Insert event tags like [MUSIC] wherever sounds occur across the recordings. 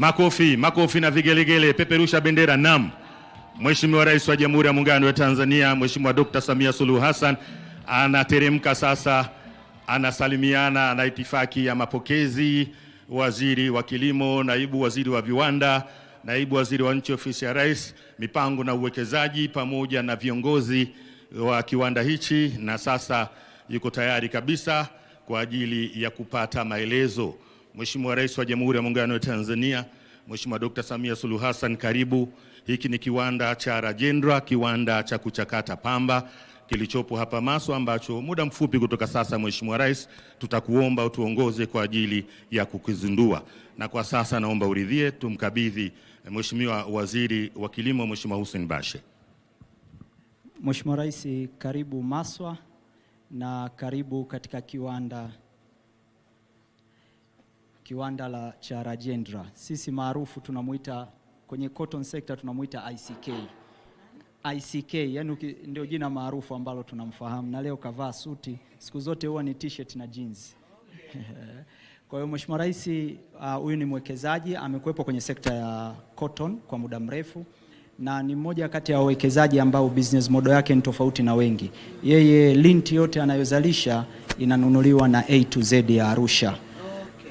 Makofi, makofi na vigelegele, peperusha bendera. Naam, Mheshimiwa Rais wa Jamhuri ya Muungano wa Tanzania, Mheshimiwa Dr. Samia Suluhu Hassan anateremka sasa, anasalimiana na itifaki ya mapokezi, waziri wa kilimo, naibu waziri wa viwanda, naibu waziri wa nchi ofisi ya Rais, mipango na uwekezaji, pamoja na viongozi wa kiwanda hichi, na sasa yuko tayari kabisa kwa ajili ya kupata maelezo. Mheshimiwa Rais wa Jamhuri ya Muungano wa Tanzania, Mheshimiwa Dkt. Samia Suluhu Hassan, karibu. Hiki ni kiwanda cha Rajendra, kiwanda cha kuchakata pamba kilichopo hapa Maswa, ambacho muda mfupi kutoka sasa, Mheshimiwa Rais, tutakuomba utuongoze kwa ajili ya kukizindua. Na kwa sasa naomba uridhie tumkabidhi eh, Mheshimiwa Waziri wa Kilimo, Mheshimiwa Hussein Bashe. Mheshimiwa Rais, karibu Maswa na karibu katika kiwanda kiwanda la cha Rajendra, sisi maarufu tunamuita kwenye cotton sector tunamuita ICK. ICK yani ndio jina maarufu ambalo tunamfahamu, na leo kavaa suti, siku zote huwa ni t-shirt na jeans. [LAUGHS] Kwa hiyo Mheshimiwa Rais uh, huyu uh, ni mwekezaji, amekuwepo kwenye sekta ya cotton kwa muda mrefu na ni mmoja kati ya wawekezaji ambao business model yake ni tofauti na wengi. Yeye lint yote anayozalisha inanunuliwa na A to Z ya Arusha.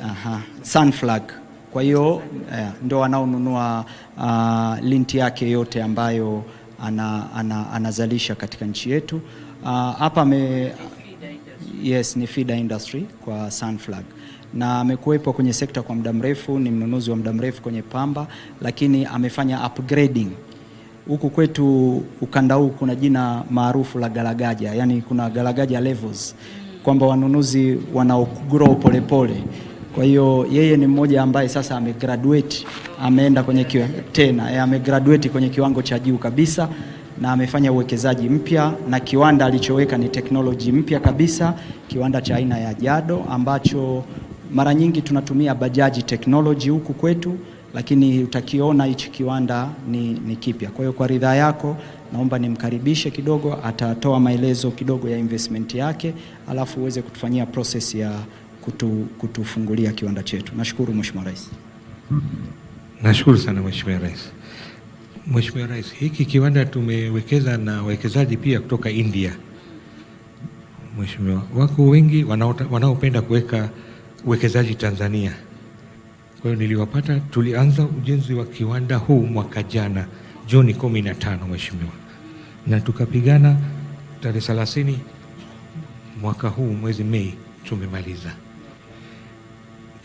Aha. Sunflag. Kwa hiyo eh, ndo wanaonunua uh, linti yake yote ambayo ana, ana, anazalisha katika nchi yetu ah, hapa uh, me... yes, ni feeder industry kwa Sunflag na amekuwepo kwenye sekta kwa muda mrefu, ni mnunuzi wa muda mrefu kwenye pamba, lakini amefanya upgrading huku kwetu ukanda huu kuna jina maarufu la galagaja, yani kuna galagaja levels, kwamba wanunuzi wanao grow polepole pole. Kwa hiyo yeye ni mmoja ambaye sasa amegraduate, ameenda kwenye kiwa, tena eh, amegraduate kwenye kiwango cha juu kabisa na amefanya uwekezaji mpya na kiwanda alichoweka ni teknoloji mpya kabisa, kiwanda cha aina ya Jado ambacho mara nyingi tunatumia bajaji technology huku kwetu, lakini utakiona hichi kiwanda ni, ni kipya. Kwa hiyo kwa ridhaa yako naomba nimkaribishe kidogo, atatoa maelezo kidogo ya investment yake, alafu uweze kutufanyia process ya kutu, kutufungulia kiwanda chetu. Nashukuru Mheshimiwa Rais. Nashukuru sana Mheshimiwa Rais. Mheshimiwa Rais, hiki kiwanda tumewekeza na wawekezaji pia kutoka India. Mheshimiwa, wako wengi wanaopenda kuweka uwekezaji Tanzania. Kwa hiyo niliwapata, tulianza ujenzi wa kiwanda huu mwaka jana Juni kumi na tano Mheshimiwa, na tukapigana tarehe 30 mwaka huu mwezi Mei tumemaliza.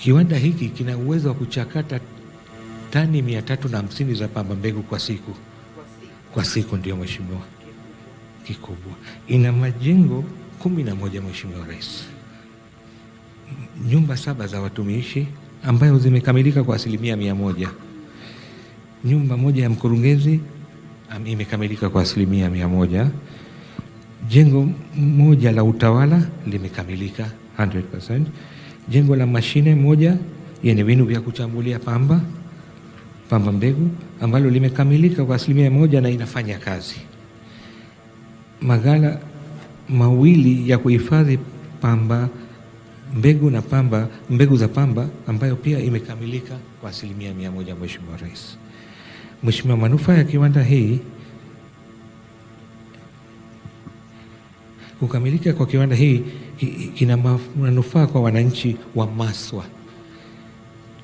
Kiwanda hiki kina uwezo wa kuchakata tani mia tatu na hamsini za pamba mbegu kwa siku, kwa siku ndio mheshimiwa, kikubwa. Ina majengo kumi na moja Mheshimiwa Rais, nyumba saba za watumishi ambayo zimekamilika kwa asilimia mia moja. Nyumba moja ya mkurugenzi imekamilika kwa asilimia mia moja. Jengo moja la utawala limekamilika 100% jengo la mashine moja yenye vinu vya kuchambulia pamba pamba mbegu ambalo limekamilika kwa asilimia moja na inafanya kazi. Maghala mawili ya kuhifadhi pamba mbegu na pamba mbegu za pamba ambayo pia imekamilika kwa asilimia mia moja, Mheshimiwa Rais. Mheshimiwa, manufaa ya kiwanda hii Kukamilika kwa kiwanda hii kina manufaa kwa wananchi wa Maswa,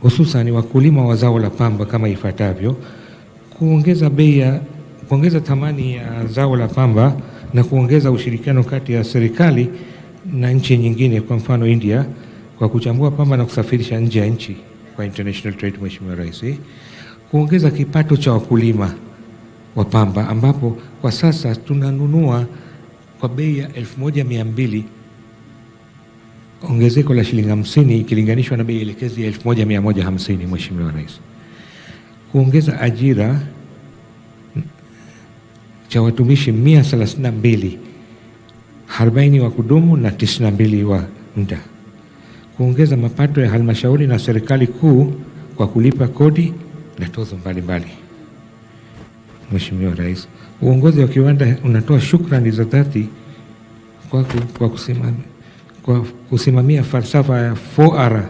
hususan wakulima wa zao la pamba kama ifuatavyo: kuongeza bei ya kuongeza thamani ya zao la pamba na kuongeza ushirikiano kati ya serikali na nchi nyingine, kwa mfano India, kwa kuchambua pamba na kusafirisha nje ya nchi kwa international trade. Mheshimiwa Rais, kuongeza kipato cha wakulima wa pamba ambapo kwa sasa tunanunua kwa bei ya 1200 ongezeko la shilingi hamsini ikilinganishwa na bei elekezi ya 1150. Mheshimiwa Rais, kuongeza ajira cha watumishi 132 40 wa kudumu na 92 wa muda, kuongeza mapato ya halmashauri na serikali kuu kwa kulipa kodi na tozo mbalimbali. Mheshimiwa Rais, Uongozi wa kiwanda unatoa shukrani za dhati kwako kwa, kusimami, kwa kusimamia falsafa ya 4R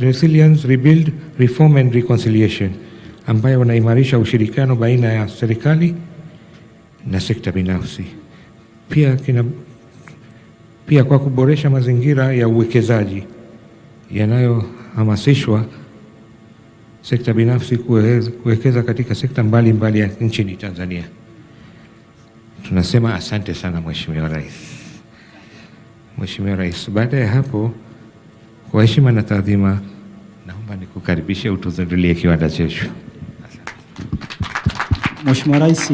Resilience, Rebuild, Reform and Reconciliation ambayo unaimarisha ushirikiano baina ya serikali na sekta binafsi pia, kina, pia kwa kuboresha mazingira ya uwekezaji yanayohamasishwa sekta binafsi kuwekeza katika sekta mbalimbali mbali ya nchini Tanzania. Tunasema asante sana Mheshimiwa Rais. Mheshimiwa Rais, baada ya hapo, kwa heshima na taadhima, naomba nikukaribishe utuzindulie kiwanda chetu. Mheshimiwa Rais,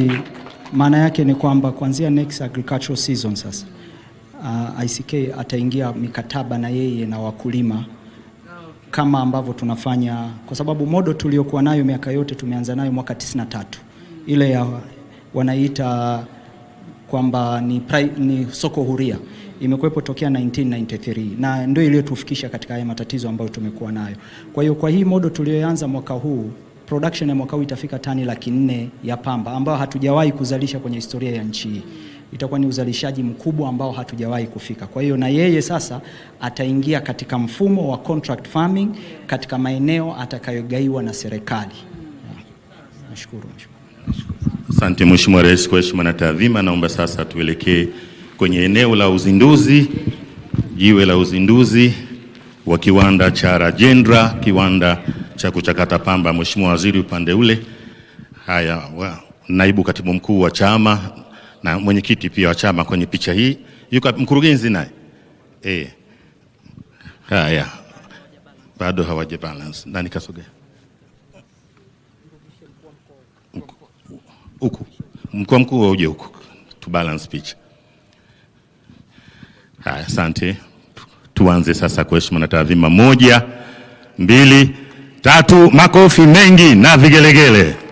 maana yake ni kwamba kuanzia next agricultural season sasa, uh, ICK ataingia mikataba na yeye na wakulima kama ambavyo tunafanya, kwa sababu modo tuliyokuwa nayo miaka yote tumeanza nayo mwaka 93 ile ya wanaita kwamba ni, ni soko huria imekuwepo tokea 1993 na ndio iliyotufikisha katika haya matatizo ambayo tumekuwa nayo. Kwa hiyo kwa hii modo tuliyoanza mwaka huu production ya mwaka huu itafika tani laki nne ya pamba ambayo hatujawahi kuzalisha kwenye historia ya nchi hii itakuwa ni uzalishaji mkubwa ambao hatujawahi kufika. Kwa hiyo na yeye sasa ataingia katika mfumo wa contract farming katika maeneo atakayogaiwa na serikali. Nashukuru. Asante Mheshimiwa Rais kwa heshima na taadhima. Naomba sasa tuelekee kwenye eneo la uzinduzi, jiwe la uzinduzi wa kiwanda cha Rajendra, kiwanda cha kuchakata pamba. Mheshimiwa Waziri, upande ule. Haya, wa, naibu katibu mkuu wa chama na mwenyekiti pia wa chama kwenye picha hii yuko mkurugenzi naye e. Haya, bado hawaje balance na nikasoge huku, mkuu mkuu uje huku tu balance picha. Haya, asante. Tuanze sasa kwa heshima na taadhima. Moja, mbili, tatu, makofi mengi na vigelegele.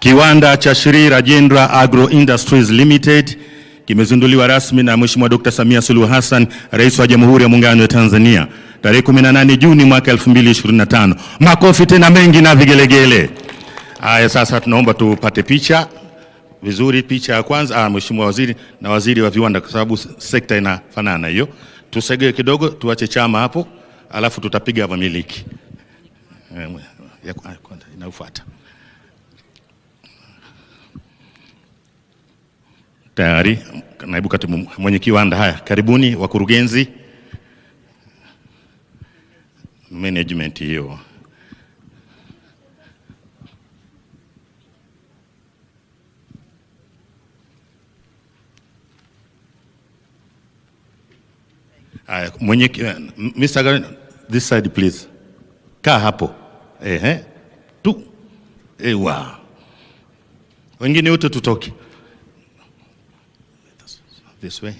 Kiwanda cha Shri Rajendra Agro Industries Limited kimezinduliwa rasmi na Mheshimiwa Dr. Samia Suluhu Hassan, Rais wa Jamhuri ya Muungano wa Tanzania tarehe 18 Juni mwaka 2025. Makofi tena mengi na vigelegele. Aya, sasa tunaomba tupate picha vizuri. Picha ya kwanza, ah, Mheshimiwa Waziri na Waziri wa Viwanda, kwa sababu sekta inafanana hiyo. Tusegee kidogo, tuache chama hapo, alafu tutapiga wamiliki eh, inayofuata. tayari naibu katibu mwenye kiwanda, Haya, karibuni wakurugenzi management hiyo. Haya, mwenye Mr. Garen, this side please, kaa hapo ehe tu, ewa wengine wote tutoke this way.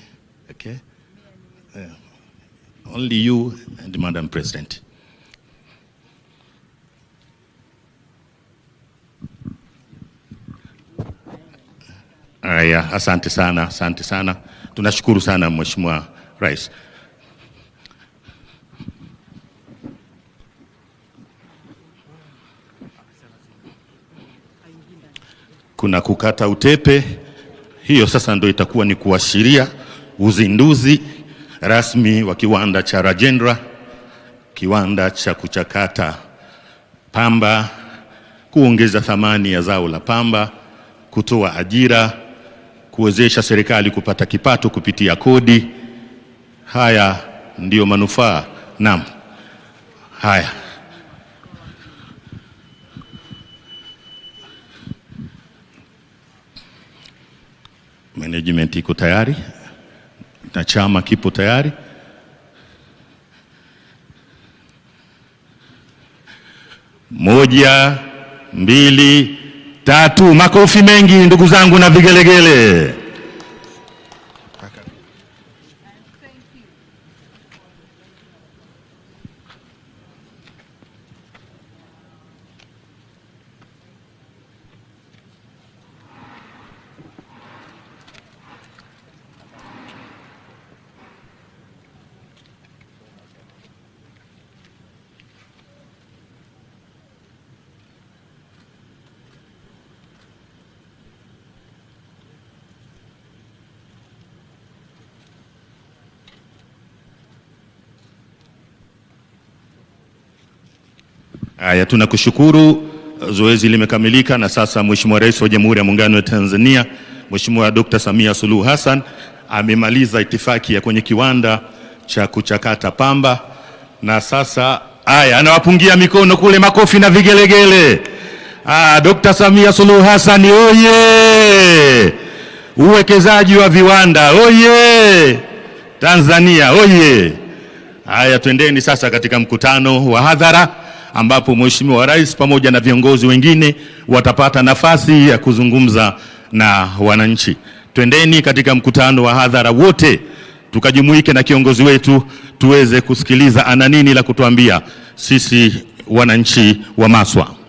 Okay? Uh, only you and Madam President. Aya, asante sana, asante sana. Tunashukuru sana Mheshimiwa Rais. Kuna kukata utepe. Hiyo sasa ndio itakuwa ni kuashiria uzinduzi rasmi wa kiwanda cha Rajendra, kiwanda cha kuchakata pamba, kuongeza thamani ya zao la pamba, kutoa ajira, kuwezesha serikali kupata kipato kupitia kodi. Haya ndiyo manufaa. Naam, haya. Management iko tayari na chama kipo tayari. Moja, mbili, tatu. Makofi mengi ndugu zangu na vigelegele. Haya, tunakushukuru. Zoezi limekamilika na sasa Mheshimiwa Rais wa Jamhuri ya Muungano wa Tanzania Mheshimiwa Dr. Samia Suluhu Hassan amemaliza itifaki ya kwenye kiwanda cha kuchakata pamba, na sasa haya anawapungia mikono kule, makofi na vigelegele. Ah, Dr. Samia Suluhu Hassan oye! Uwekezaji wa viwanda oye! Tanzania oye! Haya, twendeni sasa katika mkutano wa hadhara ambapo Mheshimiwa Rais pamoja na viongozi wengine watapata nafasi ya kuzungumza na wananchi. Twendeni katika mkutano wa hadhara wote tukajumuike na kiongozi wetu tuweze kusikiliza ana nini la kutuambia sisi wananchi wa Maswa.